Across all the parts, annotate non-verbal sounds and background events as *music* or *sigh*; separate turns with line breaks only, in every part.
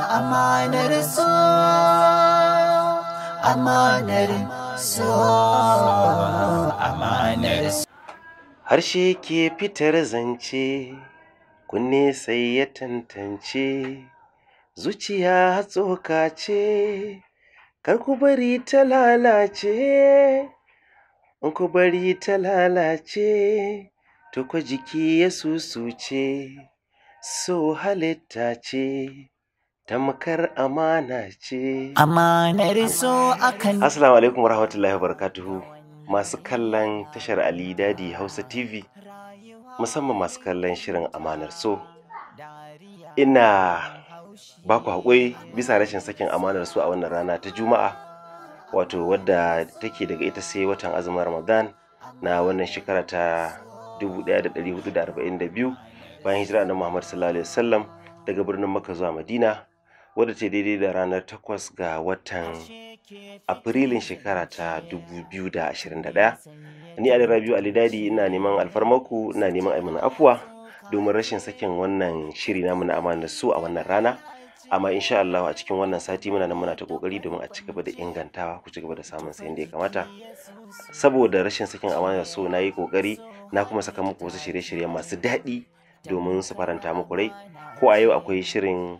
Amanar Harshe ke fitar zance, kunne sai ya tantance, zuciya tsoka ce, karku ku bari ta lalace, in bari ta lalace, to jiki ya susuce, so halitta ce. tamkar amana ce
amanar
so akan assalamu
alaikum warahmatullahi wabarakatuh masu kallon tashar ali dadi hausa tv musamman masu kallon shirin amanar so ina ba ku haƙuri bisa rashin sakin amanar so a wannan rana ta juma'a wato wadda take daga ita sai watan azumin ramadan na wannan shekara ta 1442 bayan hijira na muhammad sallallahu alaihi wasallam daga birnin makka zuwa madina wadda ce daidai da ranar 8 ga watan afrilin shekara ta 2021 ni ali rabiu alidadi ina neman alfarmaku ina neman aimin afuwa domin rashin sakin wannan shiri namu na amana su a wannan rana amma insha Allah a cikin wannan sati muna nan muna ta kokari domin a ci gaba da ingantawa ku ci gaba da samun sayan da ya kamata saboda rashin sakin amana so na yi kokari na kuma saka muku wasu shirye shiryen masu daɗi domin su faranta muku rai ko a yau akwai shirin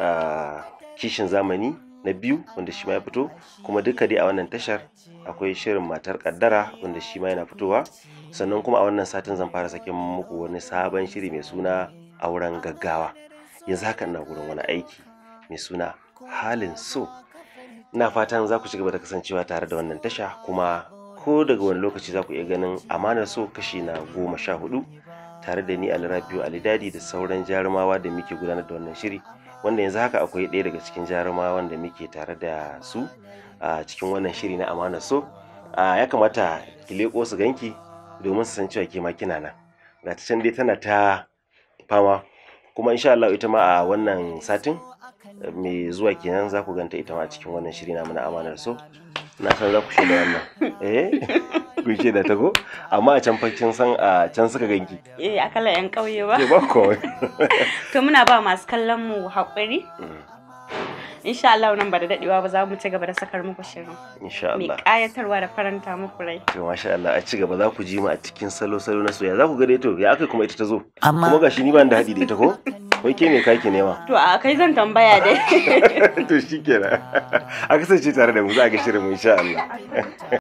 ah, kishin zamani na biyu wanda shi ma ya fito kuma duka dai a wannan tashar akwai shirin matar kaddara wanda shi ma yana fitowa sannan kuma a wannan satin zan fara sakin muku wani sabon shiri mai suna auren gaggawa yanzu haka ina gurin wani aiki mai suna halin so ina fatan za ku ci gaba da kasancewa tare da wannan tasha kuma ko daga wani lokaci za ku iya ganin amanar so kashi na goma sha hudu tare da ni alrabiu alidadi da sauran jarumawa da muke gudanar da wannan shiri wanda yanzu haka akwai ɗaya daga cikin jarumawa da muke tare da su a cikin wannan shiri na amana so ya kamata ki leƙo su ganki domin su san cewa ke ma kina nan ga ta can dai tana ta fama kuma insha Allah ita ma a wannan satin mai zuwa kenan za ku ganta ita ma a cikin wannan shiri na amana so na san za ku shiga wannan *laughs* eh kun da ta ko amma a can fakin san a can suka ganki eh a kala yan kauye ba ke ba ko *laughs* to muna ba masu kallon mu hakuri mm. insha Allah nan ba da dadewa ba za mu ci gaba da sakar muku shirin insha Allah mai kayatarwa da faranta muku rai to masha Allah a ci gaba za ku ji mu a cikin salo salo na soyayya za ku ga dai to ya aka kuma ita ta zo kuma gashi ni ban da hadi da ita ko *laughs* wai ke me kake nema *laughs* to a kai zan
tambaya dai *laughs* to shikenan a kasance tare da mu za a ga shirin mu insha Allah *laughs*